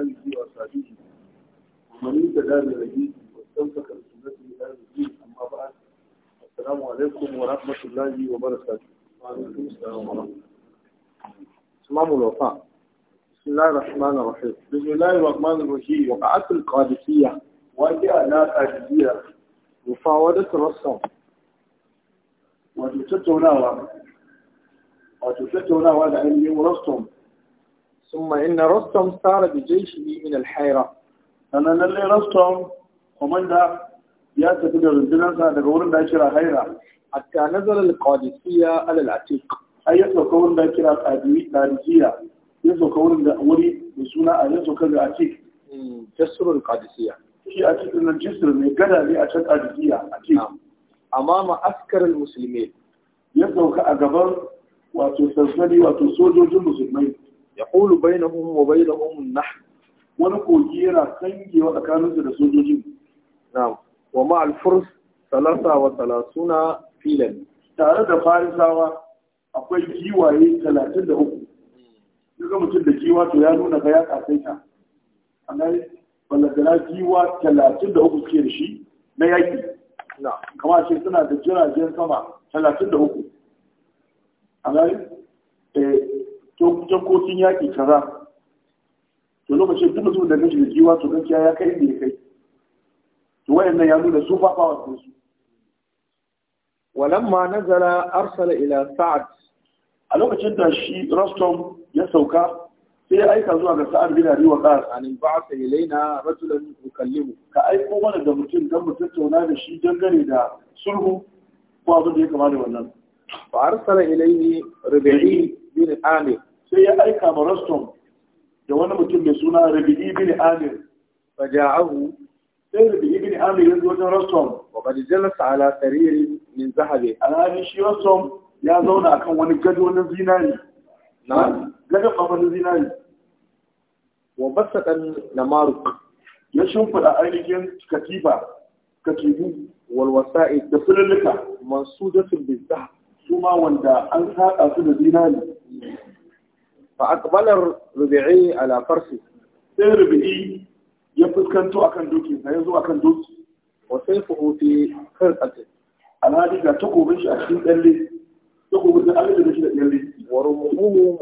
آله وأصحابه ومن يتدى برهيه واستمسك بسنته إلى الدين أما بعد السلام عليكم ورحمة الله وبركاته وعليكم السلام ورحمة الله الوفاء بسم الله الرحمن الرحيم بسم الله الرحمن الرحيم وقعت القادسية وجاء لا قادسية مفاوضة الرسم وتتتونا وتتتونا وتتتونا يعني وتتتونا وتتتونا ثم إن رستم سار بجيشه من الحيرة أنا للي رستم ومن ده يا تفيد الرجلان سعد قولن ده شرا حيرة حتى نزل القادسية على العتيق أي يسو قولن ده شرا قادمي تاريخية يسو قولن ده أولي بسونا يسو كذا عتيق جسر القادسية في عتيق من الجسر من قدر لأشد قادسية عتيق أمام عسكر المسلمين يسو كأقبر وتسلسلي وتسوجو المسلمين Ya yaqulu bainahum wa bainahum an-nahr wani kogi yana sangewa tsakaninsu da sojojin na'am wa ma al-furs salasa wa salasuna filan tare da farisawa akwai giwaye talatin da uku duka mutum da giwa to ya nuna ga ya kasaita a nan balagana giwa talatin da uku ke da shi na yaƙi kama ce suna da jiragen sama talatin da uku a jakokin yaƙi kaza to lokacin duk mutum da gashi da jiwa to gaskiya ya kai inda ya kai to wayannan ya nuna su fafawa su walamma nazara arsala ila sa'ad a lokacin da shi Rostom ya sauka sai ya aika zuwa ga sa'ad bin Abi Waqqas an ba'atha ilaina rajulan yukallimu ka aiko mana da mutum dan mu tattauna da shi dangane da sulhu ko abin da ya kama da wannan fa arsala ilaini rubi'i bin Amir sai ya aika ma Rastum da wani mutum mai suna Rabi'i bin Amir faja'ahu sai Rabi'i bin Amir ya zo wajen Rastum wa jalasa ala sariri min zahabi alhali shi Rastum ya zauna a kan wani gado na zinari na gado kafa na zinari wa na Maruk ya shimfida ainihin katifa katibu walwasa'i da fululuka masu datin bizahab su ma wanda an saƙa su da zinari فأقبل الربيعي على sai rubi'i ya fuskanto akan dokin sa ya zo akan doki wa sai fuhu fi khirqati alhadi ga takobin shi a cikin tsalle takobin da Allah da shi da tsalle wa rumuhu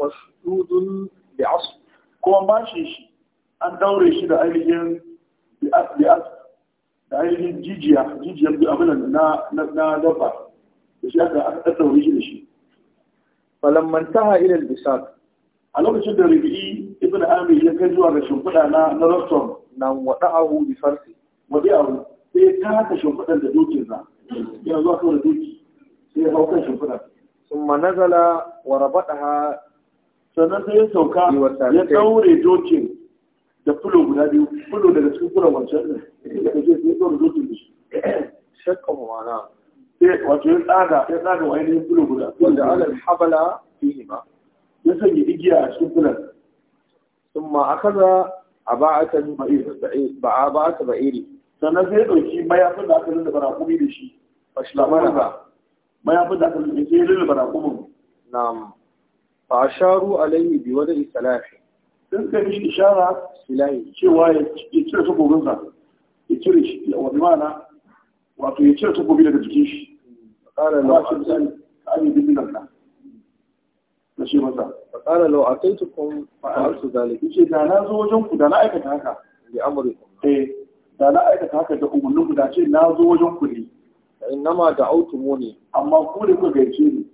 an shi an daure shi da ainihin bi asf na na da shi aka aka shi da shi falamman taha ila al-bisaq a lokacin da rubi'i ibn amir ya kai zuwa ga shimfiɗa na na rostom na wada'ahu bi farsi wada'ahu sai ta haka shimfiɗan da za yana zuwa kawai da doki sai ya hau kan sun ma nazala wa ha sannan sai ya sauka ya daure dokin da fulo guda biyu fulo daga cikin fulan wancan ɗin da ke sai daure dokin da shi shakka mu mana sai wato ya tsaga ya tsaga wa ainihin fulo guda wanda alal habala fihima ya sanya igiya a cikin fulan sun ma aka za a ba ba a ba aka ba iri sannan sai ya ɗauki mayafin da aka lullaba raƙumi da shi ba shi lamarin ba mayafin da aka lullaba sai ya lullaba raƙumin na'am a asharu alayhi bi wada'i salafi sun kai mishi ishara silahi cewa ya cire takobinsa ya cire shi wani mana wato ya cire takobi daga jikin shi ƙara lafiya ta ne bin nan ta ce masa fa qala law ataitukum fa altu zalika yace da na zo wajen ku da na aikata haka bi amrikum eh da na aikata haka da umurnin ku da ce na zo wajen ku ne innama da mo ne. amma ku da kuka gaishe ni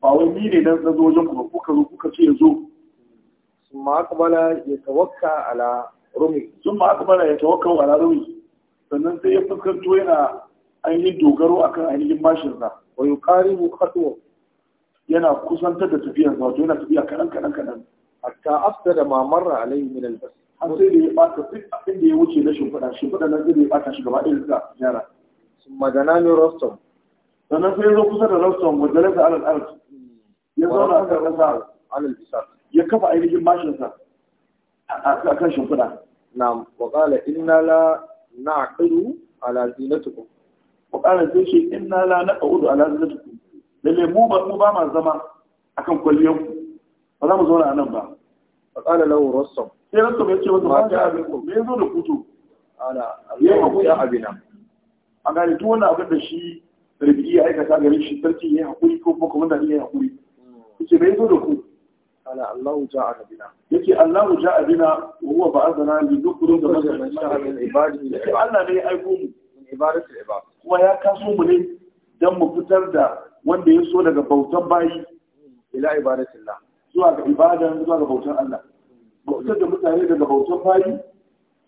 ba wani ni ne dan zo wajen ku ba kuka zo kuka ce zo summa aqbala yatawakka ala rumi summa aqbala yatawakka ala rumi sannan sai ya fuskanto yana ainihin dogaro akan ainihin mashinsa wa yuqaribu khatwa yana kusantar da tafiyar wato yana tafiya kaɗan kaɗan kaɗan hatta afta da mamarra alayhi min albas har sai da ya bata duk abin da ya wuce na shimfiɗa shimfiɗa nan sai da ya bata shi gaba ɗaya da jara sun magana ne rostom sannan sai ya zo kusa da rostom wa jalasa alal arz ya zauna a kan rasa alal bisa ya kafa ainihin mashinsa a kan shimfiɗa na waƙala inna la na aƙiru ala zinatukum waƙala sai shi inna la na ƙa'udu ala zinatukum lalle mu ba mu ba ma zama akan kwalliyar ku ba za mu zauna nan ba fa qala lahu rassam sai rassam ya ce wa? ba ta abinku me zo da kuto ala Allah ya abina a gane duk wannan abin da shi rabi'i ya aikata garin shi sarki ya hakuri ko kuma kuma da ya hakuri hmm. yace me zo da ku ala Allahu ja abina Yake Allahu ja abina wa huwa ba'athana li nukhruj da masal min ibadihi yace Allah ne ya aiko mu ibadatul ibad kuma ya kaso mu ne dan mu fitar da wanda ya so daga bautan bayi ila ibadatillah zuwa ga ibada zuwa ga bautan Allah bautar da mutane daga bautan bayi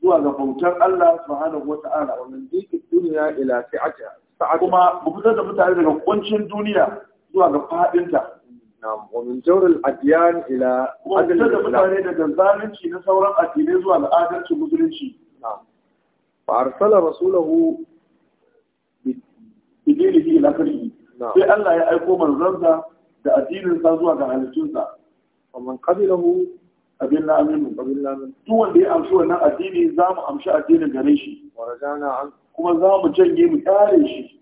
zuwa ga bautan Allah subhanahu wata'ala wannan dikin duniya ila sa'ata sa'a kuma fitar da mutane daga kuncin duniya zuwa ga fadinta na'am wa min jawr al adyan ila adl da mutane daga zalunci na sauran addinai zuwa ga adalci musulunci na'am fa arsala rasulahu bidinihi ila kulli sai Allah ya aiko manzansa da addinin sa zuwa ga halittunsa amman mu abin na mu? abin na aminu duk wanda ya amshi wannan addini za mu amshi addinin gare shi kuma za mu janye mu kyale shi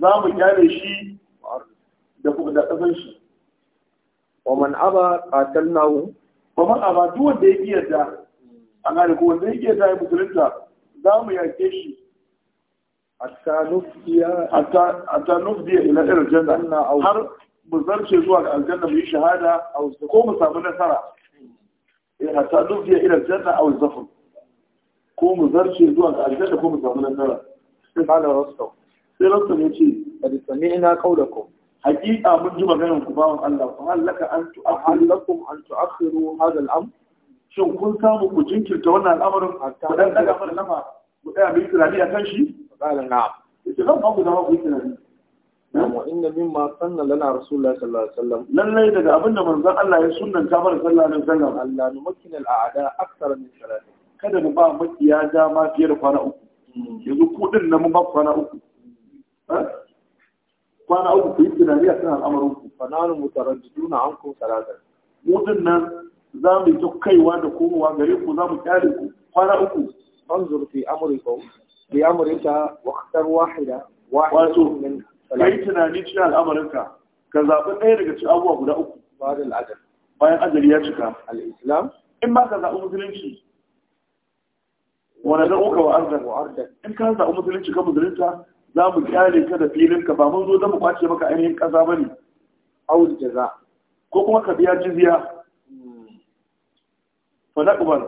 za mu kyale shi da kuma da kasan shi wa man aba qatalnahu wa man aba duk wanda ya yarda hmm. A gane ko wanda ya yarda ya musulunta za mu yake shi hatta nufdiya ila irin janna har mu zarce zuwa ga aljanna mu yi shahada ko mu samu nasara eh, hatta nufdiya ila janna aw zafar ko mu zarce zuwa ga aljanna ko mu samu nasara قال رستم sai rasta ne ce kada sami ina kaulakum hakika mun ji maganar ku bawon Allah fa hal laka an tu'akhiru lakum an tu'akhiru hadha al-amr shin kun samu ku jinkirta wannan al'amarin ku dan daga mana nama mu tsaya mu yi tunani akan shi قال نعم يتغم أبو دماغ ويتنا نعم وإن مما سن لنا رسول الله صلى الله عليه وسلم لن لا أبنى من ذا الله يسنن كبر صلى الله عليه وسلم ألا نمكن الأعداء أكثر من ثلاثة kada mu ba makiya dama fiye da kwana uku yanzu kudin na mun kwana uku kwana uku ku yi tunani a kan al'amarin ku fa nanu mutaraddiduna ankum salatan mu nan za mu yi kaiwa da komowa gare ku za kyale ku kwana uku بأمرك واختر واحدة واحدة من ثلاثة كي تناني تشيء الأمرك كذابن أي رجل تشيء أبوه ولا أبوه bayan ajali ya cika al in ba ka zaɓi musulunci wani da uka wa arzar in ka zaɓi musulunci ka musulunta za mu kyale ka da ka. ba mun zo don mu kwace maka ainihin ƙasa ba ne awul jaza ko kuma ka biya jizya fa naqbal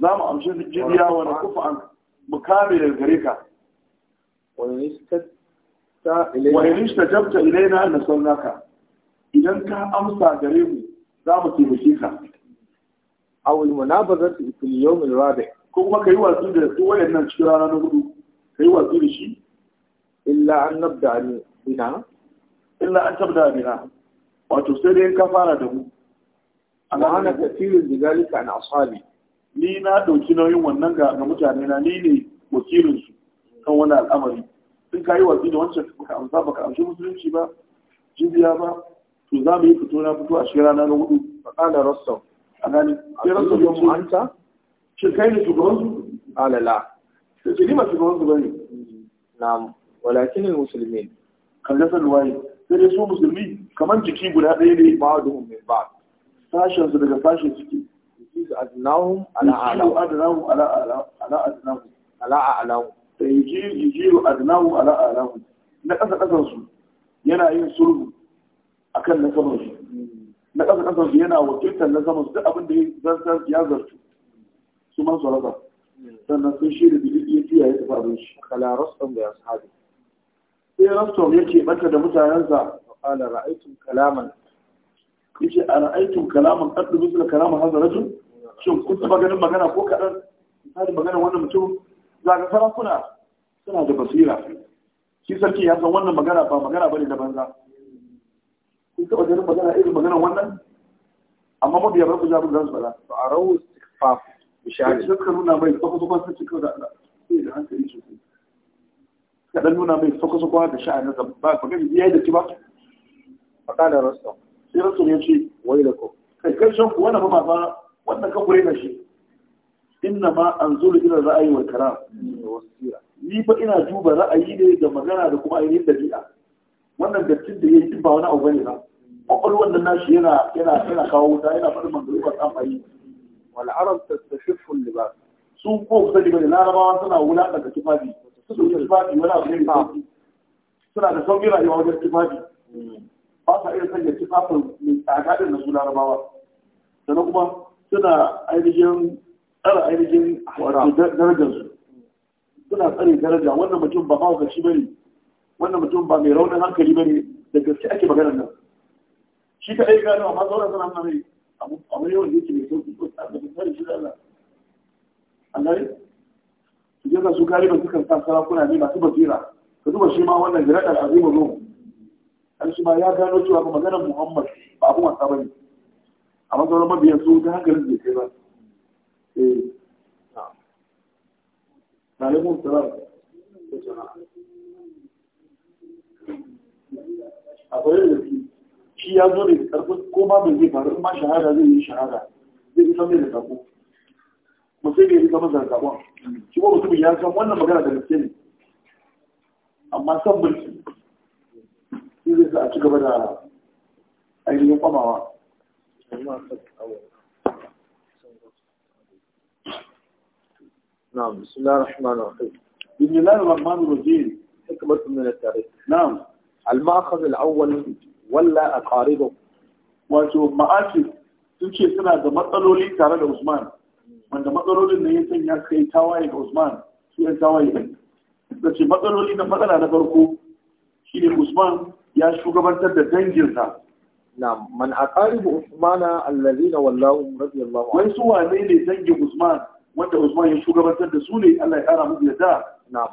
za mu amshi jizya wa nakufu an mu kame daga gare ka wani ta jabta ilaina na saunaka idan ka amsa gare mu za mu taimake ka a wani munabarar da ikili yau mai rabe ko kuma ka yi watsi da su wayannan cikin rana na hudu ka yi watsi da shi illa an nabda ne ina illa an tabda bina wato sai dai ka fara da mu a ma'ana kafirin da Galika na asali ni na ɗauki nauyin wannan ga mutane na ni ne wakilinsu kan wani al'amari sun kayi watsi da wancan baka amsa baka amshi musulunci ba jibiya ba to za mu yi fito na fito a shekara na hudu a ƙalar rassau a gani sai rassau ya mu hanta shi kai ne shugabansu alala sai ni masu shugabansu ba ne na walakin musulmi kallasar waye sai dai su musulmi kamar jiki guda ɗaya ne ba da hun ba. ba sashensu daga sashen ciki. yujizu adnahum ala a'lahum adnahum ala ala na kasa kasan yana yin sulhu akan na saman na kasa yana wakiltar na saman abin da ya zartu su man sarrafa sannan sun shirya da iya fiya ya tafi abin shi kala rastan da ashabi sai rastan ya ce banta da mutanensa qala ra'aitun kalaman ce a ra'aitun kalaman qad misla kalam hadha shin kun taba ganin magana ko kaɗan misali magana wannan mutum za fara sarakuna suna da basira shi sarki ya san wannan magana ba magana bane da banza kun taba ganin magana irin magana wannan amma mu ba ku ja mun zansu bala ba a rawu istikfaf bishari suka nuna mai tsoko tsoko sai cikin da Allah sai da hankali sosai suka dan nuna mai tsoko tsoko da sha'anin da ba ku gani yayi da ki ba kana rasu sai rasu ya ce wai da ku kai karshen ku wannan ba ba wannan ka kure shi inna ma anzuru ila ra'ayi wal kalam ni fa ina duba ra'ayi ne da magana da kuma ainihin dabi'a wannan dattin da yayi duk ba wani abu bane ba kwakwalwar da nashi yana yana yana kawo wuta yana faɗin manzuru ba san fayi wal arab tastashifu libas su ko kusa da larabawa suna daga tufafi su su tufafi wala abu ne ba suna da sauƙi rayuwa wajen tufafi hmm. ba sa iya sanya tufafin mai tsada din na su larabawa sannan kuma suna ainihin tsara ainihin darajarsu suna tsare daraja wannan mutum ba mawakaci ba ne wannan mutum ba mai raunin hankali ba ne da gaske ake maganar nan shi ta aika da amma sauran suna nuna mai abu yawan da yake mai sauki ko tsara da tsari shi da Allah Allah ne su je su kare ba sukan sa sarakuna ne masu basira ka duba shi ma wannan jiragen azimin ruhu an shi ma ya gano cewa maganar Muhammad ba abu wasa ba amma sauran mabiyan su ta haka bai kai ba a kwaye da shi shi ya zo da karfin ko mai zai faru ma shahada zai yi shahada zai yi mai da sako ba sai bai isa masa da shi kuma mutum ya san wannan magana da gaske ne amma san mulki shi zai sa a ci gaba da ainihin kwamawa نعم بسم الله الرحمن الرحيم بسم الله الرحمن الرحيم حكمة من التاريخ نعم المأخذ الأول ولا أقاربه wato ma'asir sun ce suna da matsaloli tare da Usman wanda matsalolin da ya sanya kai tawaye ga Usman su yan tawaye ne da matsaloli na matsala na farko shi ne Usman ya shugabantar da danginta. Na'am, man aqaribu Usmana allazina wallahu radiyallahu anhu. Wai su wane ne dangin Usman wanda Usman ya shugabantar da su ne Allah ya kara musu yadda. Na'am.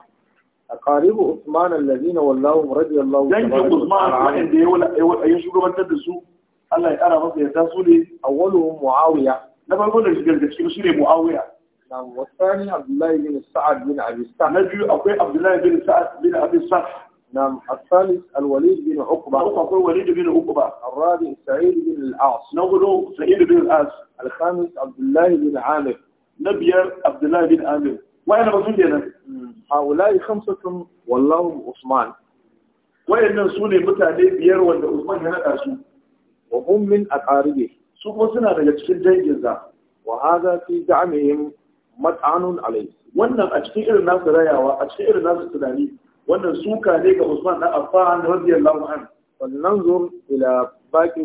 Aqaribu Usman allazina wallahu radiyallahu anhu. Dangin Usman wanda ya wala ya su Allah ya kara musu yadda su ne awwaluhum Muawiya. Na farko da shiga da cikin su ne Muawiya. Na'am, wa thani Abdullah bin Sa'ad bin Abi Na biyu akwai Abdullah bin Sa'ad bin Abi نعم الثالث الوليد بن عقبة أقول وليد بن عقبة الرابع سعيد بن الأعص نقول سعيد بن الأعص الخامس عبد الله بن عامر نبير عبد الله بن عامر وين رسولنا هؤلاء خمسة والله عثمان وين سوني متعني بير وأن عثمان هنا أرسو وهم من أقاربه سوق سنة يتشكل جيدا وهذا في دعمهم مطعن عليه وأن أتشكل الناس رياوة أتشكل الناس تداني wannan suka ne ga Usman dan Affan radiyallahu anhu wannan zur ila baqi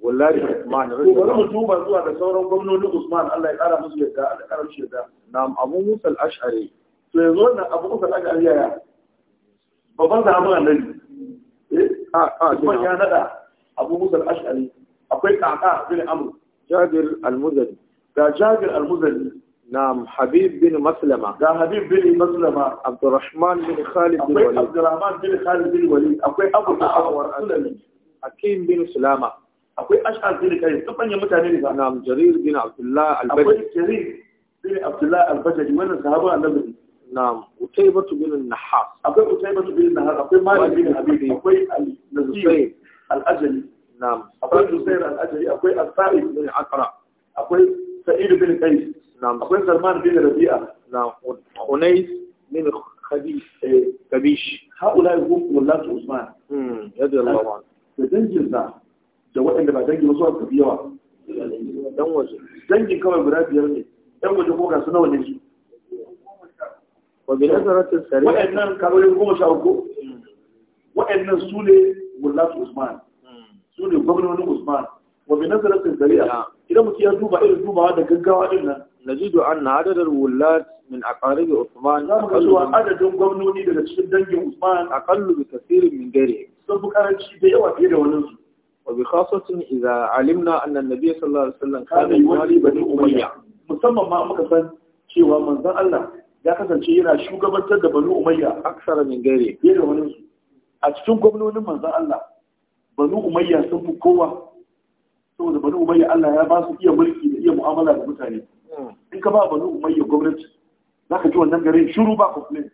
wallahi Usman radiyallahu anhu ba zuwa da sauran gwamnoni Usman Allah ya kara musu yadda Allah ya kara musu yadda na'am Abu Musa al-Ash'ari to yanzu wannan Abu Musa al-Ash'ari ya babban sahabban annabi eh a a Kuma ya nada Abu Musa al-Ash'ari akwai kaka bin Amr Jabir al-Muzani ga Jabir al-Muzani نعم حبيب بن مسلمة ده حبيب بن مسلمة عبد الرحمن بن خالد بن وليد عبد الرحمن بن خالد بن وليد أقوي أبو الأعور حكيم بن سلامة أقوي أشعر بن كريم تبني متعنين نعم جرير بن عبد الله البجلي أقوي جرير بن عبد الله البجلي وين الصحابة النبي نعم أتيبة بن النحاس أقوي أتيبة بن النحاس أقوي مالك بن حبيبي أقوي النزير الأجلي نعم أقوي النزير الأجلي أقوي الثائب بن عقرة أقوي سعيد بن قيس نعم أخوين سلمان بن ربيعة نعم خنيس من خبيش خبيش هؤلاء هم ولاة عثمان رضي الله عنه فدنجل ذا جواء اللي بعد دنجل وصوات كبيرة دنجل دنجل كما براد يرمي دنجل فوق سنة ونجل وبنظرة السريع وإنن كانوا يقوموا شاوكو وإنن سولي ولاة عثمان سولي قبل عثمان wa bi nazaratin zari'a idan mutum ya duba irin dubawa da gaggawa din nan najidu anna adadul wullat min aqaribi Usman aqallu wa adadun gwamnoni daga cikin dangin Usman aqallu bi kaseerin min gari sun fi karanci da yawa fiye da wannan su wa bi khasatin idza alimna anna an-nabiy sallallahu alaihi wasallam kana umayya musamman ma muka san cewa manzon Allah ya kasance yana shugabantar da bani umayya aksara min gari fiye su a cikin gwamnonin manzon Allah bani umayya sun fi kowa saboda banu umayya Allah ya ba su iya mulki da iya mu'amala da mutane hmm. in ka ba banu umayya gwamnati za ka ji wannan garin shiru ba complain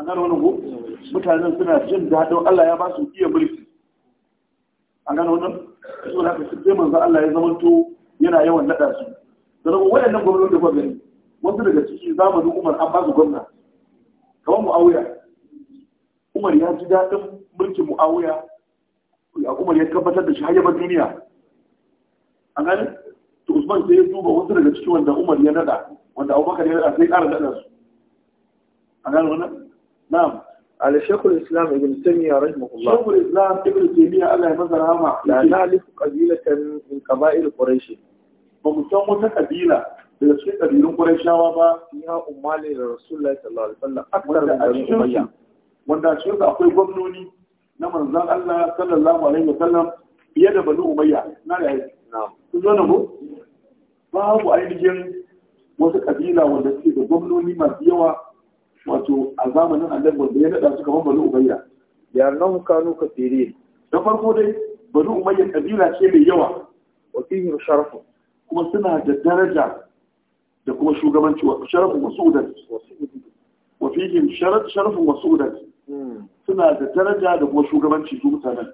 an gano wannan ko hmm. mutanen suna jin daɗin Allah ya ba su iya mulki an gano wannan so da ka sai manzo Allah ya zamanto yana yawan nada su da kuma waɗannan gwamnati da gwamnati wasu daga ciki zamanin Umar an ba su gwamna kamar Muawiya Umar ya ji daɗin mulkin Muawiya ya umar ya tabbatar da shi har duniya an gani to usman sai ya duba wasu daga cikin wanda umar ya nada wanda abubakar ya nada sai ƙara nada su an gani wannan na'am على شيخ الإسلام ابن تيمية رحمه الله شيخ الإسلام ابن تيمية الله يمزل هما لا نعرف قبيلة Ba mu san wata قبيلة daga cikin ƙabilun Qurayshawa ba ya umma da Rasulullahi sallallahu alaihi wasallam akthar min Bani Umayya wanda shi akwai gwamnoni na manzan Allah sallallahu alaihi wasallam fiye da bani umayya na da yake sun zo na ko babu ainihin wasu kabila wanda suke da gwamnoni masu yawa wato a zamanin annabi wanda ya nada su bani umayya ya nan kanu kafiri da farko dai bani umayya kabila ce mai yawa wa fihim sharafu kuma suna da daraja da kuma shugabanci wa sharafin wasudan wa fihim sharafin wasudan suna da daraja da kuma shugabanci su mutanen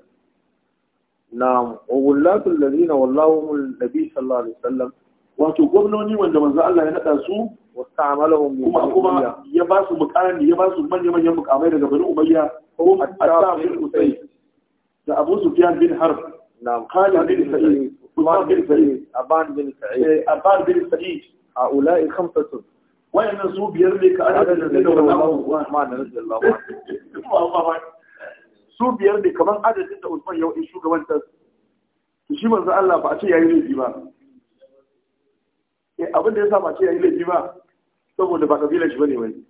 na'am wa wallatul ladina wallahu nabi sallallahu alaihi wasallam wato gwamnoni wanda manzo Allah ya nada su wasta'amalahum kuma kuma ya ba su mukami ya ba su manya manyan mukamai daga Bani Umayya ko Attab bin Usayd da Abu Sufyan bin Harb na'am Khalid bin Sa'id Usman bin Sa'id Aban bin Sa'id eh, Aban bin Sa'id wayannan su biyar ne ka ajiye da zai da su biyar ne kamar adadin da Usman ya wuce shugabantar to shi manzo Allah ba a ce yayi laifi ba eh abin da yasa ba a ce yayi laifi ba saboda ba kabilar shi bane wani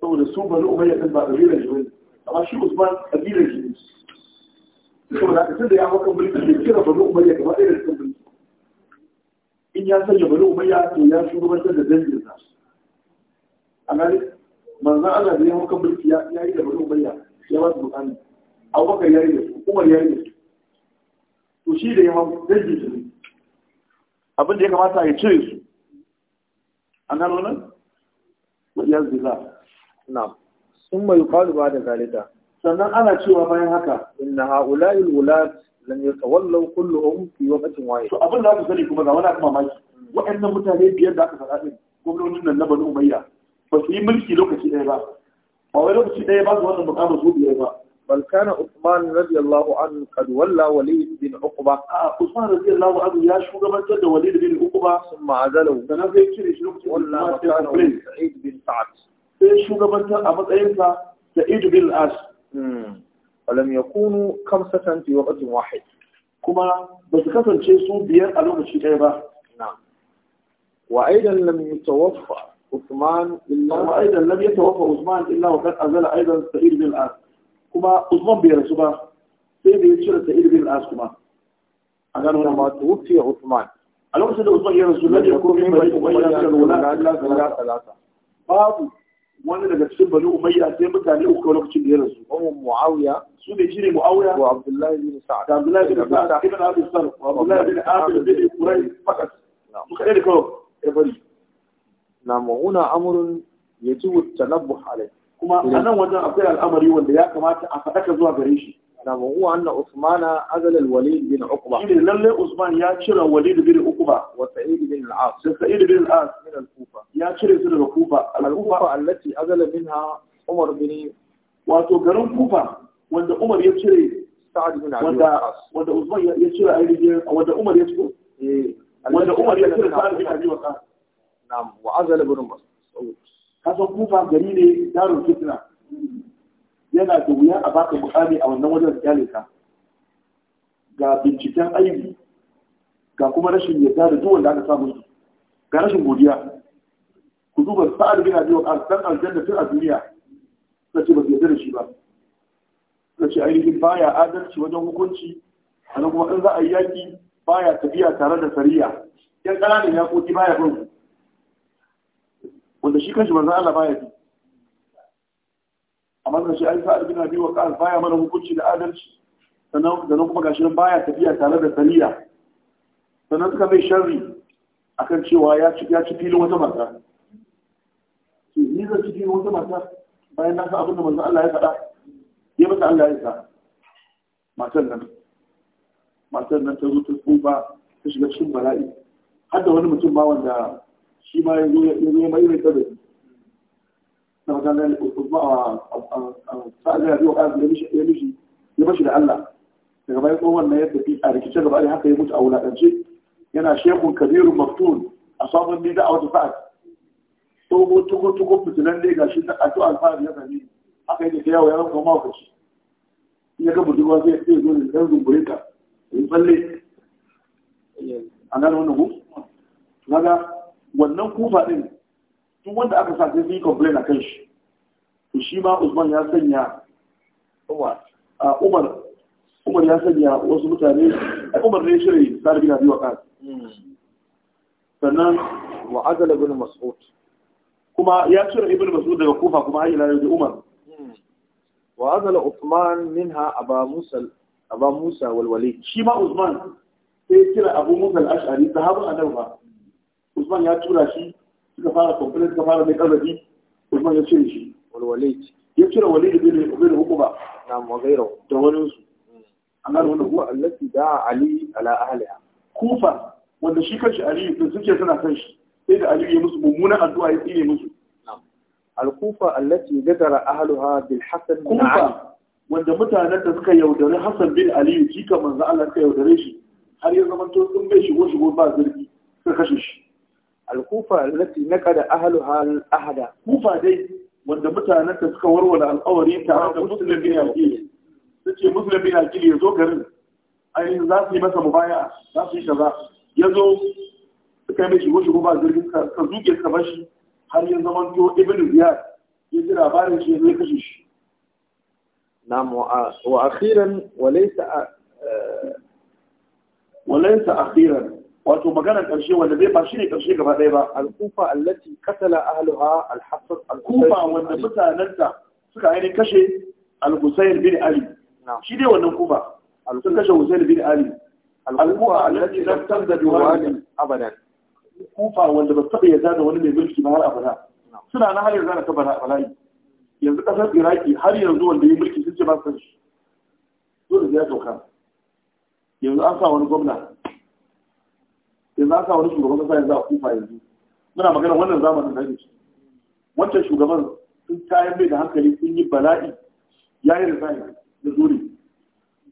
saboda su ba umayya din ba kabilar shi bane amma shi Usman kabilar shi saboda haka tunda ya maka mulki ya kira bani umayya kamar irin sun in ya sanya bari umayya to ya shugabantar da dangin sa a gani manzo Allah da ya hau ya yi da bari umayya ya ba su bukani abubakar ya yi da su umar ya yi da su to shi da ya hau dangin su abin da ya kamata ya cire su an gano nan wajen zila na sun mai kwalu ba da zalita sannan ana cewa bayan haka inna ha'ula'il wulat lam yatawallaw kulluhum fi waqtin wahid to abin da aka sani kuma ga wani aka mamaki waɗannan mutane biyar da aka faɗa din gwamnonin nan na Bani Umayya ba su yi mulki lokaci ɗaya ba ba wai lokaci ɗaya ba su wannan mukamin su biyar ba bal kana Uthman radiyallahu anhu kad walla Walid bin Uqba a Uthman radiyallahu anhu ya shugabantar da Walid bin Uqba thumma azalahu sanan sai kire shi lokacin walla kana Sa'id bin Sa'ad sai shugabantar a matsayinsa Sa'id bin As ولم يكونوا خمسة في وقت واحد كما بس كفن شيء سو بير ألوم الشيء نعم وأيضا لم يتوفى عثمان إلا وأيضا لم يتوفى عثمان إلا وقد أزال أيضا سعيد بن الأس كما عثمان بير سبا سيد يشير سعيد بن الأس كما أنا لما توفي عثمان ألوم سيد عثمان يا رسول الله يكون من بين وين الولاء ثلاثة ثلاثة باب wani daga cikin bani umayya sai mutane uku lokacin da ya rasu ummu muawiya su ne shine muawiya wa abdullahi bin sa'd abdullahi bin sa'd ibn abi sarf wa abdullahi bin abd bin quraysh fakat su kada da kawai ya bari na mu'una amrun yajibu tanabbuh alai kuma a wajen akwai al'amari wanda ya kamata a faɗaka zuwa gare shi na wa na usmana azal walid bin uqba shi lalle usman ya cire walid bin uqba wa sa'id bin al as da bin al min al ya cire su daga kufa al kufa allati azala minha umar bin wato garin kufa wanda umar ya cire sa'ad wanda umar ya cire sa'ad bin abi na'am wa azala bin mas'ud kasan kufa gari ne darul fitna yana da wuya a baka mukami a wannan wajen kyale ka ga binciken aibi ga kuma rashin yarda da duwanda aka samu su ga rashin godiya ku duba sa'ad bin abi waqas dan aljanna tun a duniya sai ba da shi ba sai ainihin baya adalci wajen hukunci sannan kuma in za a yi yaki baya tafiya tare da sariya yan ƙananan yakoki baya bin wanda shi kanshi manzon Allah baya bi amma da shi ai sa'ad bin abi waqas baya mana hukunci da adalci sannan da nan kuma gashi nan baya tafiya tare da saniya sannan suka mai sharri akan cewa ya ci ya ci filin wata mata ni zan ci filin wata mata bayan na san abin da manzon Allah ya faɗa ya mata Allah ya sa matan nan matan nan ta zo ta tsufa ta shiga cikin bala'i har da wani mutum ma wanda shi ma ya zo ya mai mai tsada yana shekun kabirun maftun a sabon nida a wata sa'ad tsoho tuko tuko fitilan da ga shi ta ato alfahari ya sami yi da yawo ya ranka ma kaci ya ga budurwa zai zai zo da zan zumbure ka yi tsalle a gane wannan ku? Naga wannan kufa din Tun wanda aka sa sai sun yi complain a kan shi to shi ma Usman ya sanya Umar Umar ya sanya wasu mutane Umar ne shirin Sa'ad bin Abi kan hmm. sannan wa Adal ibn Mas'ud kuma ya cire Ibn Mas'ud daga Kufa kuma har ila da Umar hmm. wa Adal Uthman minha Aba Musa Aba Musa wal Walid shi ma Usman sai cire Abu Musa al-Ash'ari sahabin annabi Usman ya tura shi suka fara complain suka fara mai ƙarfafi Usman ya cire shi walwalid ya cire da bin bin hukuma na magaira da wani su hmm. an gano wannan kuwa allati da ali ala ahliha kufa wanda shi kanshi ali da suke suna kan shi sai da ali ya musu mummunan addu'a ya tsine musu al-kufa allati gadara ahliha bil hasan bin ali wanda mutanen da suka yaudare hasan bin ali jika manzo Allah suka yaudare shi har ya zama to sun bai shigo shigo ba zargi. suka kashe shi الكوفة التي نكر أهلها الأهدى كوفة دي وانت متى أنت تكور ولا الأول ينتع آه، مسلم بها الجيل تجي مسلم بها الجيل يزو كرن أي ذاتي بس مبايعة ذاتي شضاء يزو كما يجي وشي مبايعة كذوك يتخبشي هل ينزمان كيو ابن زياد يزير أباري شيء يكشش نعم آه، وأخيرا وليس أ... آه، وليس أخيرا wato maganar ƙarshe wanda bai ba shi ne ƙarshe gaba ɗaya ba al-kufa allati qatala ahluha al-hasan al-kufa wanda mutanenta suka aini kashe al-husayn bin ali shi dai wannan kufa sun kashe husayn bin ali al-kufa allati lam tamda biwali abadan kufa wanda ba taɓa yarda da wani mai mulki ba har abada suna na har yanzu ana ta bala'i yanzu ƙasar iraki har yanzu wanda ya mulki sun ce ba su shi dole ya sauka yanzu an sa wani gwamna yanzu an sa wani shugaban kasa yanzu a kufa yanzu muna magana wannan zamanin da ake wancan shugaban sun tayar mai da hankali sun yi bala'i ya yi rizani da zuri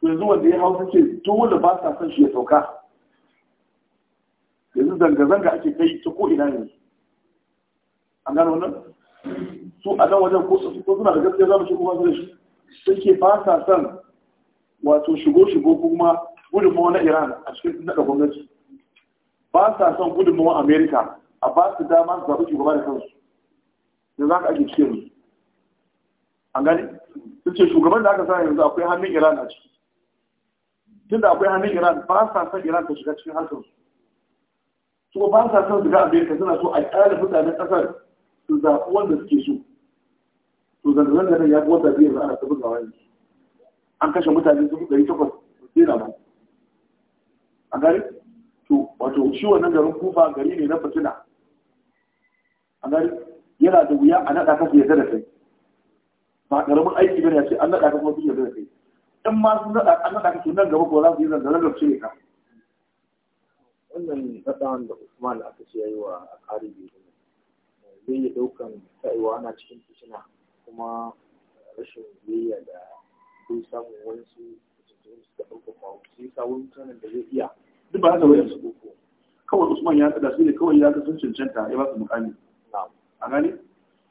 to yanzu wanda ya hau suke dole ba sa son shi ya sauka yanzu zanga-zanga ake kai ta ko ina yanzu an gano wannan su a nan wajen ko suna da gaskiya zamu shi kuma su da shi sun ba sa son wato shigo-shigo kuma gudunmawa na iran a cikin naɗa gwamnati ba sa son gudunmuwan amerika a ba su dama su zaɓi shugaba da kansu da za ka ake cike musu an gani sun ce shugaban da aka sa yanzu akwai hannun iran a ciki tunda akwai hannun iran ba sa son iran ta shiga cikin harkar su su ba sa son su ga amerika suna so a ƙara mutanen ƙasar su zaɓi wanda suke so to zanga-zanga nan ya fi wata biyar da ana tafi bugawa yanzu an kashe mutane dubu ɗari takwas sai na ba a gari to wato shi wannan garin kufa gari ne na fitina a gari yana da wuya a naɗa kasa yarda da kai ba ƙaramin aiki bane ya ce an naɗa kasa kuma sun yarda da kai in ma sun naɗa an naɗa kasa nan gaba ko za su yi zanga-zangar cire ka wannan naɗawan da Usman aka ce yi wa Akaribi zai yi ɗaukan kaiwa ana cikin fitina kuma rashin biyayya da zai samun wani su suka ɗauka sai sabon mutanen da zai iya duk ba haka bai su boko kawai usman ya kada su ne kawai ya ga sun cancanta ya ba su mukami a gani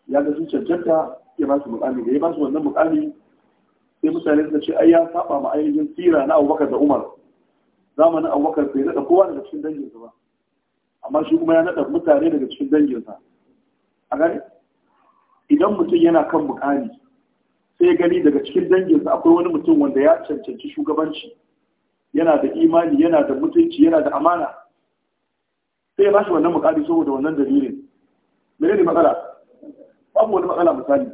ya ga sun cancanta ya ba su mukami da ya ba su wannan mukami sai mutane suka ce ai ya saba ma ainihin tsira na abubakar da umar zamanin abubakar bai naɗa kowa daga cikin danginsa ba amma shi kuma ya naɗa mutane daga cikin danginsa a gani idan mutum yana kan mukami sai gani daga cikin danginsa akwai wani mutum wanda ya cancanci shugabanci yana da imani yana da mutunci yana da amana sai ya bashi wannan mukami saboda wannan dalilin mene ne matsala babu wani matsala misali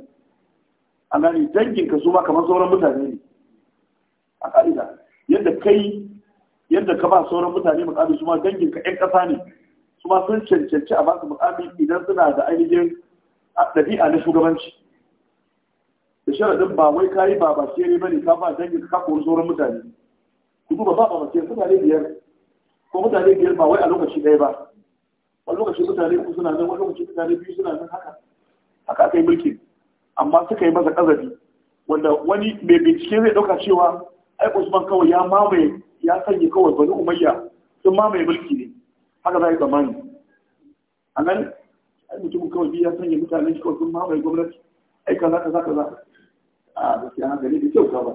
a gani dangin ka su ma kamar sauran mutane ne a ƙa'ida yadda kai yadda ka ba sauran mutane mukami su ma dangin ka ƴan ƙasa ne su ma sun cancanci a basu mukami idan suna da ainihin ɗabi'a na shugabanci da sharaɗin ba wai kayi ba ba shere bane ka ba dangin ka kori sauran mutane ku duba ba ba mace mutane biyar ko mutane biyar ba wai a lokaci ɗaya ba wani lokaci mutane uku suna nan wani lokaci mutane biyu suna nan haka haka aka yi mulki amma suka yi masa ƙazabi wanda wani mai bincike zai ɗauka cewa ai usman kawai ya mamaye ya sanya kawai bani umayya sun mamaye mulki ne haka za a yi tsammani a nan ai mutumin kawai ya sanya mutane shi kawai sun mamaye gwamnati ai kaza kaza kaza a gaskiya hankali da kyau ka ba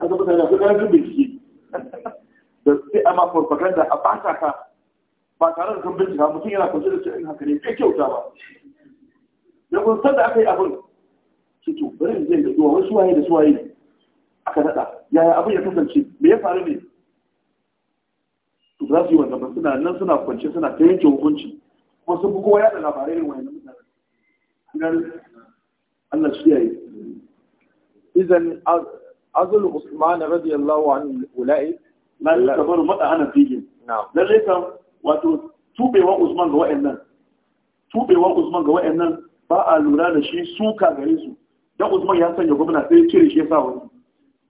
haka mutane akwai ƙarancin bincike da sai a ma propaganda a bata ka ba tare da kan bincika mutum yana kwanci da cikin hankali kai kyauta ba da kun san da aka yi abin su to bari in zai gaduwa wasu waye da suwaye aka nada yaya abin ya kasance me ya faru ne za su yi wannan masu suna nan suna kwance suna ta yanke hukunci kuma sun fi kowa yaɗa labarai ne wayannan mutane Allah shi yayi idan azul usman radiyallahu anhu ulai man kafaru mata hana fiye lalle kam wato tubewa usman ga wa'annan tubewa usman ga wa'annan ba a lura da shi suka gare su dan usman ya sanya gwamna sai cire shi ya sa wani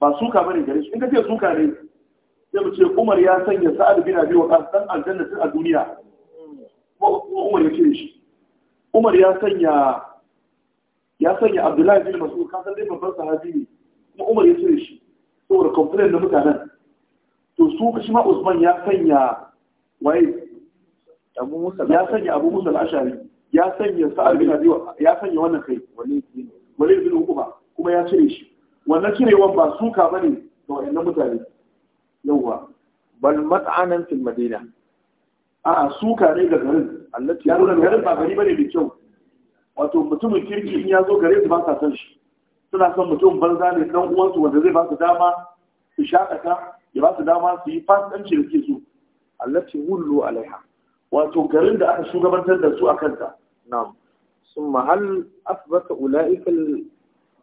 ba suka bane gare su in ka ce suka ne sai mu ce umar ya sanya sa'ad bin abi waqas dan aljanna tun a duniya Ko umar ya cire shi umar ya sanya ya sanya abdullahi bin mas'ud kan san dai babban sahabi ne kuma umar ya cire shi saboda complain na mutanen to su shi ma usman ya sanya waye ya sanya abu musa ashari ya sanya sa'ar bin abi ya sanya wannan kai walid bin hukuma, kuma ya cire shi wannan cirewan ba suka bane ga wa'annan mutane yauwa bal mat'anan fil madina a suka ne ga garin allati ya nuna garin ba gari bane da kyau wato mutumin kirki in ya zo gare su ba sa san shi suna son mutum banza ne dan uwansu wanda zai ba su dama su shakata ya ba su dama su yi fasikanci da ke so allati wullu alaiha wato garin da aka shugabantar da su a kanta na'am ثم هل أثبت أولئك ال...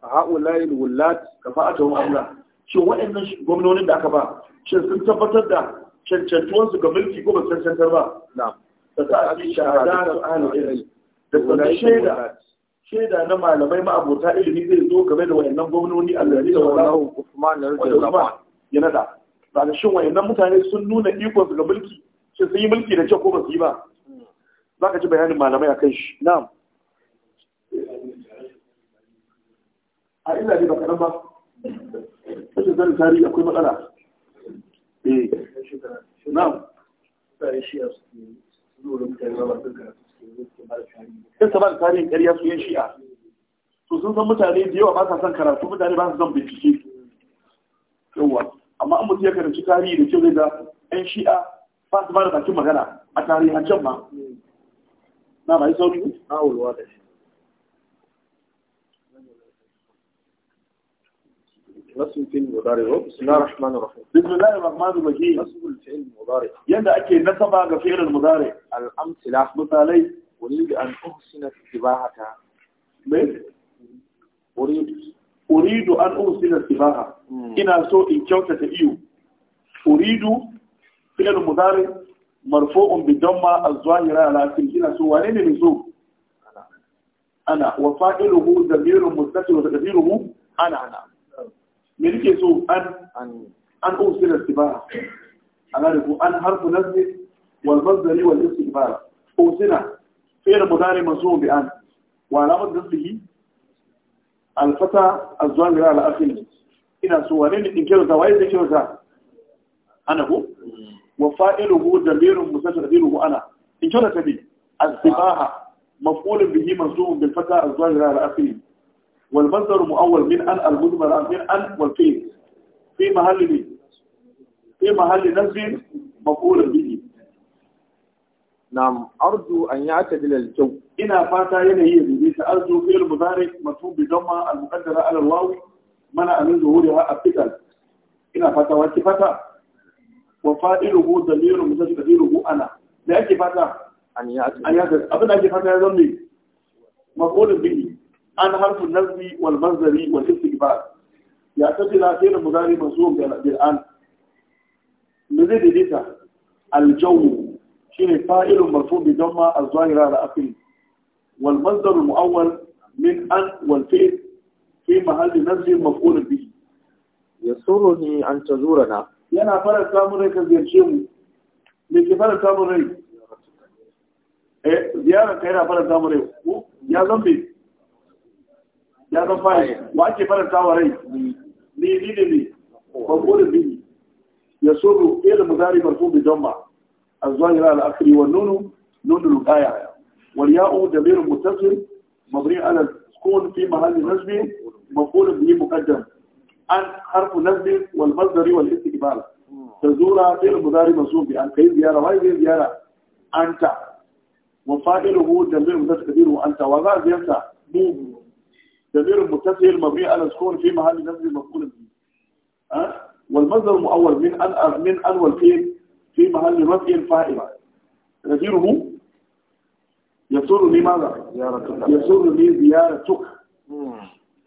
هؤلاء الولاة كفاءتهم أم لا؟ شو وإن قمنون دا كفاءة؟ شو سنتبت دا؟ شو شنتوان سكمل في قوة سنتبت؟ نعم فتأتي شهادات أهل العلم تستطيع شهادات shaida na malamai ma'abota ilimi zai zo game da wayannan gwamnoni allari da wallahu Usman da Usman ya nada ba shin wayannan mutane sun nuna ikon su ga mulki shi sun yi mulki da ce ko ba su yi ba Za ka ji bayanin malamai a kan shi na'am a ina ne ba kaɗan ba rashin zan tarihi akwai matsala eh na'am sai sabar da tarihin ƙarya su yin shi'a su sun san mutane da yawa ba sa son karatu mutane ba su son bincike yawa amma an mutu ya karanci tarihi da ke zai da 'yan shi'a ba su ba da bakin magana a tarihin can ma na ba yi sauri? na wulwa da shi نصب في المضارع بسم الله الرحمن الرحيم بسم الله الرحمن الرحيم نصب الفعل المضارع يبدا اكي نصب على المضارع الامثله مثالي اريد ان احسن اتباعها اريد اريد ان احسن اتباعها انا so in kyautata iyo uridu fi'l mudari marfu'un bi damma az-zahira ala asil ina so wane ne so ana wa fa'iluhu dhamirun mustatir me nike so an an an usila istibara ana da ku an harfu nasbi wal mazdari wal istibara usila fi'l mudari mansub bi an wa alamat nasbihi al fata al zahira al akhir ina so wane ne dinkin da waye zai kyauta ana ko mm. wa fa'iluhu damirun mustaqbiluhu ana in kyauta tabi al-sibaha maf'ulun bihi mansubun bil fata al zahira al akhir والمصدر مؤول من أن المضمر من أن وفي في محل به في محل نصب مفعول به نعم أرجو أن يعتدل الجو إن فاتا ينهي به سأرجو في المضارع مفهوم بضمة المقدرة على الله منع من ظهورها الفتن إن فاتا وأنت وفائله ضمير مستقبله أنا لأنت أن يعتدل أبدا أنت فاتا يا ضمي مفعول به an harfin nazi wal manzari wal istighfar ya ta la sai da mudari mansubun bil an me zai daidaita al shi shine fa'ilun marfu bi damma al zahira da akhir wal mazdar al muawwal min an wal fi'l fi mahalli nazmi maf'ul bihi yasuruni an tazurana yana fara samun rai ka ziyarce mu me ke fara samun rai eh, ziyara ka yana fara samun rai ya zambe ya zan fahimta wa ake faranta wa rai ni ni ne ne babu da bi ya so ru ila mazari bar kun bi jamma azwani ra al akhri wa nunu nunu lugaya wal ya'u dabir mutasil mabri ala sukun fi mahalli nasbi mafulu bi muqaddam an harfu nasbi wal mazdari wal istiqbal tazura ila mazari masu bi an kai ziyara wa yi ziyara anta wa fa'iluhu dabir mutasil kabiru anta wa za ziyarta mu ضمير متصل مبني على السكون في محل نصب مفعول به أه؟ والمصدر المؤول من ان من ان والفين في محل رفع فاعل نذيره يسر لماذا ماذا؟ يسر لي زيارتك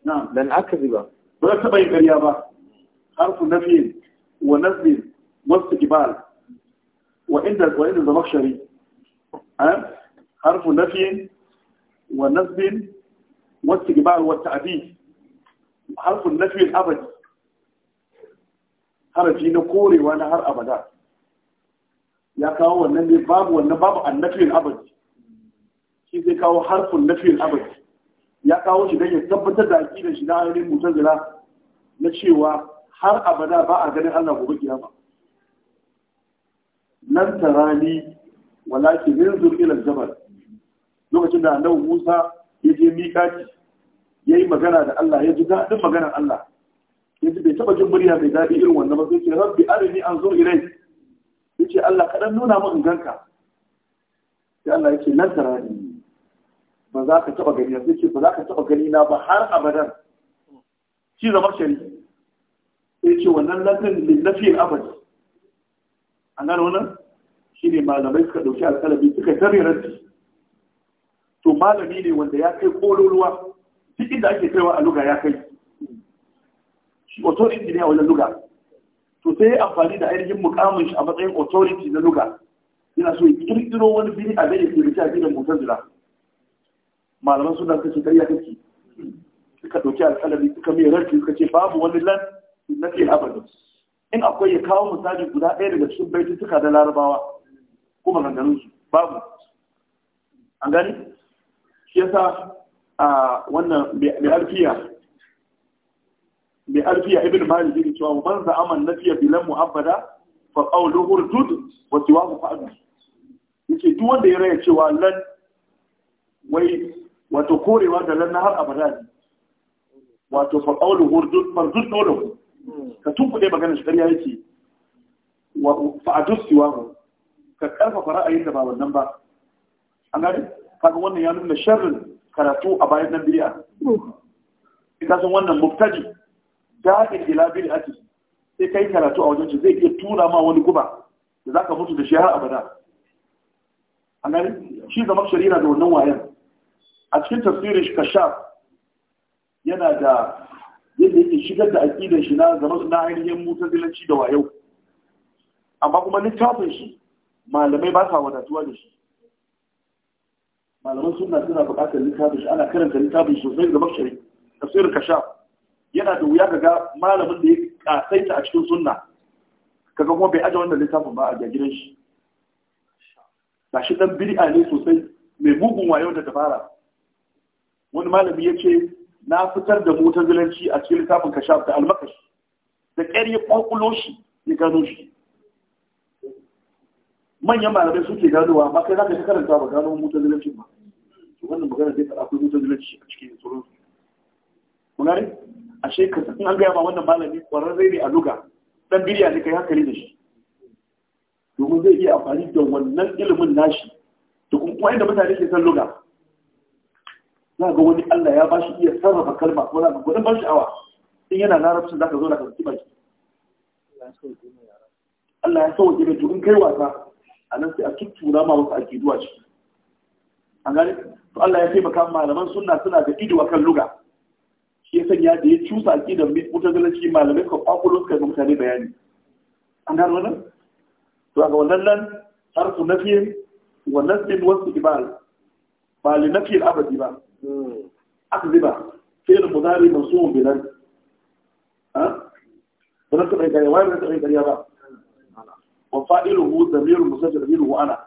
نعم لن اكذب ولا تبين كريابة حرف نفي ونزل واستقبال وعند وعند الزمخشري أه؟ حرف نفي ونزل wasu gibar wata abi harfin nafiyin abadi harafi na korewa na har abada ya kawo wannan ne babu wannan babu annafiyin abadi shi zai kawo harfin nafiyin abadi ya kawo shi don ya tabbatar da aƙidar shi na ainihin mutazila na cewa har abada ba a ganin Allah gobe kiyama nan tarani walakin yanzu ila jabal lokacin da annabi Musa ya je miƙaci ya yi magana da Allah ya ji daɗin maganar Allah ya ji bai taɓa jin murya mai daɗi irin wannan ba sai ce rabbi arini an zo ilai ya ce Allah kaɗan nuna min in ganka sai Allah ya ce nan tara ni ba za ka taɓa gani sai ce ba za ka taɓa gani na ba har abadan shi zama shari sai ce wannan lantin lillafiyar abadi an gano nan shi ne malamai suka ɗauki alƙalabi suka tare ranti to malami ne wanda ya kai kololuwa cikin da ake kaiwa a luga ya kai shi authority ne a wajen luga to sai amfani da ainihin mukamin shi a matsayin authority na luga yana so ya kirkiro wani biri a gani ke rikya gidan motar zira malaman suna suka ce karya kake suka ɗauki alƙalami suka mai rarki suka ce babu wani lan na ke abadin in akwai ya kawo misali guda ɗaya daga cikin suka da larabawa kuma ganganin su babu an gani yasa a wannan mai alfiya mai alfiya ibn malik yake cewa man aman nafiya bilan mu'abbada fa qawluhu urdud wa siwahu fa'd yake duk wanda ya raya cewa lan wai wato korewa da lan na har abada ne wato fa qawluhu urdud fardud dole ka tunkuɗe magana shi ƙarya yake fa adus siwahu ka ƙarfafa ra'ayin da ba wannan ba an gani kaga wannan ya nuna sharrin karatu a bayan nan bid'a ita san wannan mubtadi da'in ila bid'ati sai kai karatu a wajen shi zai iya tura ma wani guba da zaka mutu da shi har abada an gani shi zama shari'a da wannan wayan a cikin tafsirin kashaf yana da yadda yake shigar da aƙidar shi na zama na ainihin mutazilanci da wayo amma kuma littafin shi malamai ba sa wadatuwa da shi malaman suna suna buƙatar littafin shi ana karanta littafin sosai da bakshari tafsirin kasha yana da wuya kaga malamin da ya kasaita a cikin sunna kaga kuma bai aje wannan littafin ba a gidan shi ba shi dan bid'a ne sosai mai mugun wayo da dabara wani malami ya ce na fitar da zilanci a cikin littafin kasha da almakashi da ƙyar ya kwakulo shi ya gano shi manyan malamai suke ganowa ba kai za ka karanta ba gano mutazilancin ba to wannan magana zai faɗa akwai mutum zulaci a cikin tsoron su kuna ne a shekar in an gaya ma wannan malami ƙwararre ne a luga ɗan bidiya ne ka yi hankali da shi domin zai iya amfani da wannan ilimin nashi da kuma inda mutane ke san luga za ga wani Allah ya bashi iya sarrafa kalma ko za ka gudun ban sha'awa in yana larabcin za ka zo da ka zuci baki Allah ya sauwa gina in kai wasa a nan sai a tuttura ma wasu ake duwa ciki an gani to Allah ya taimaka malaman sunna suna da ido akan luga shi ya sanya da ya cusa aqidar mutazilanci malamai ko kwakulo suka mutane bayani an gano wannan to ga wannan nan harfu nafi wa nasbin wasu ibal ba li nafi abadi ba hmm. akziba fi'l mudari mansub bi nan ha wannan kai kai wai ba kai ba hmm. wa fa'iluhu dhamirun musajjal bihi wa ana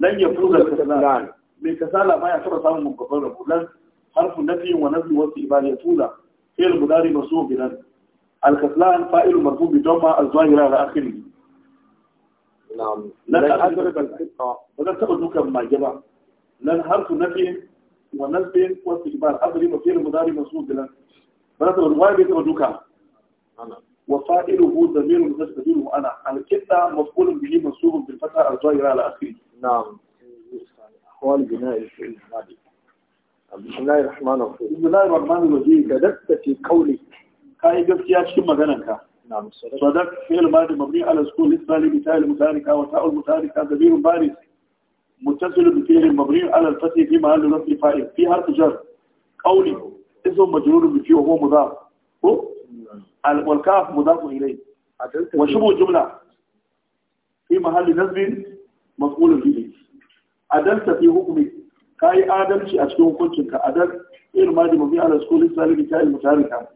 lan yafruga al-kalam mai kasala ba ya taɓa samun babban rabo lan harfin nafi wa nafi wasu ibada ya tula fi'il mudari masu bilan alkaslan fa'il marfu bi dama azwahira da akhiri nan bazan taɓa dukan mage ba lan harfin nafi wa nafi wasu ibada azri ma fi'il mudari masu bilan bazan taɓa duka bai taɓa duka وفائله ضمير مستقبله انا الكتله مفعول به منصوب بالفتحه الظاهره على اخره نعم أقوال بناء الفعل الماضي بسم الله الرحمن الرحيم بسم الله الرحمن الرحيم كذبت في قولك كاي قلت جبتيا cikin maganarka نعم صدق فعل الماضي مبني على سكون الاسم بتاء المتاركه وتاء المتاركه ضمير بارز متصل بفعل مبني على الفتح في محل رفع فاعل في حرف جر قولي اسم مجرور بفي وهو مضاف والكاف مضاف اليه وشبه جمله في محل نصب مفعول به adalta fi hukumi ka yi adalci a cikin hukuncinka adal irin ma da mafi ala skolin zalibi ta yi mutarika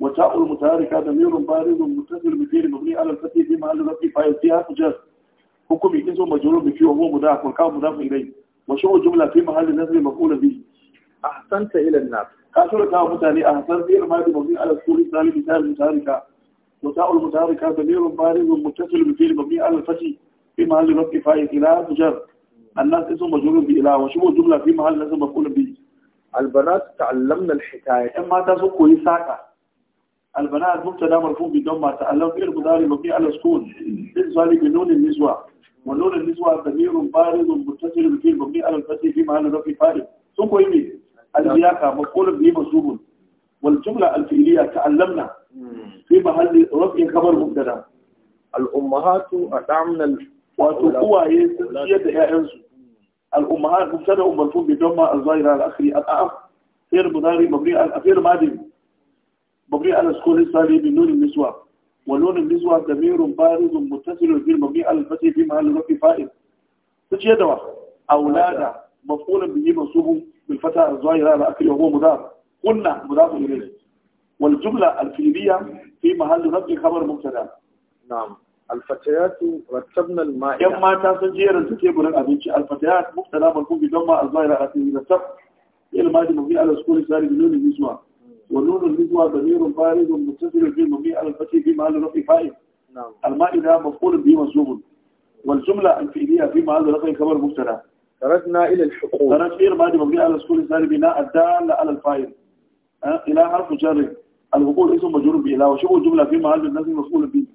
wata ul mutarika da mirin barizun mutasir bi fiye mafi ala sati fi mahallu zafi fayar fi hafi jas hukumi in zo majalun bi fiye mu da kurka mu da ilai wa shi jumla fi mahallu nasri maqula bi A ahsanta ila nas ka shirka wa mutane a hasan irin ma da mafi ala skolin zalibi ta yi mutarika wata ul mutarika da mirin barizun mutasir bi fiye mafi ala sati fi mahallu zafi fayar fi hafi jas الناس اسم مجهول بإله وشبه جملة في محل اسم مفعول به البنات تعلمنا الحكاية إما تزكوا يساكا البنات مبتدا مرفوع بضمة تعلم في المضارع مبني على السكون إنزال بنون النسوة ونون النسوة ضمير بارز متصل بالفعل مبني على الفتح في محل رفع فارغ سكوا يمين الزياكة مفعول به مسلوب والجملة الفعلية تعلمنا في محل رفع خبر مبتدا الأمهات أدعمنا wato uwaye yadda ƴaƴansu al'ummahar kuntana umarfun bai don ma a zahira al'akari a ƙa'a fiyar budari mabri a fiyar madin mabri a laskolin sali bin nunin miswa wa nunin miswa da mirun barizun mutasiru bin mabri a lafasi bin mahallin mafi fa'in ta ce yadda wa a wulada mafunan bin yi masu hu bin fata a zahira al'akari wa kuma mudar kunna mudar ku ne wani fi kamar mutada. na'am alfatayatu rattabna alma'a yan mata sun jerin su teburin abinci alfatayat mubtada al-zahira atin rattab il madi mabni al المائدة مفعول به منصوب والجملة الفعلية في محل رفع ردنا إلى الحقوق على بناء الدال على إلى حرف اسم مجرور وشبه في به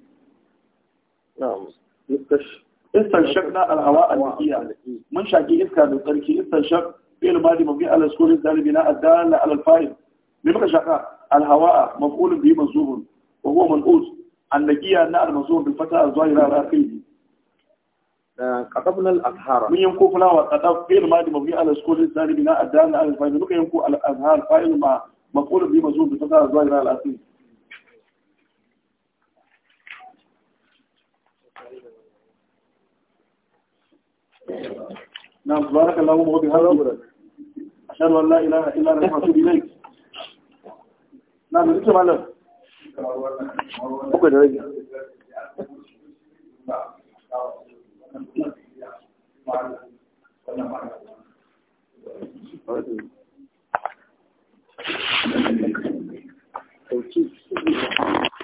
Iskar shak na alhawa a jikiya. Mun shaƙi iska da tsarki iskar fiye da mafi ala sukunin zalibi na adala alfahim. Me muka shaƙa alhawa a mafulun da yi mazuhun. Kuma mun us an da giya na almazuhun da fata na alhara. Mun yanko fulawa ƙaƙaf fiye da mafi ala sukunin zalibi na adala alfahim. Muka yanko alhara fahim ma mafulun da yi mazuhun da fata a zuwa نعم بارك الله وبحمده أشهد أن لا إله إلا أنت أتوب إليك نعم أنت معلم أقعد عليك Thank you.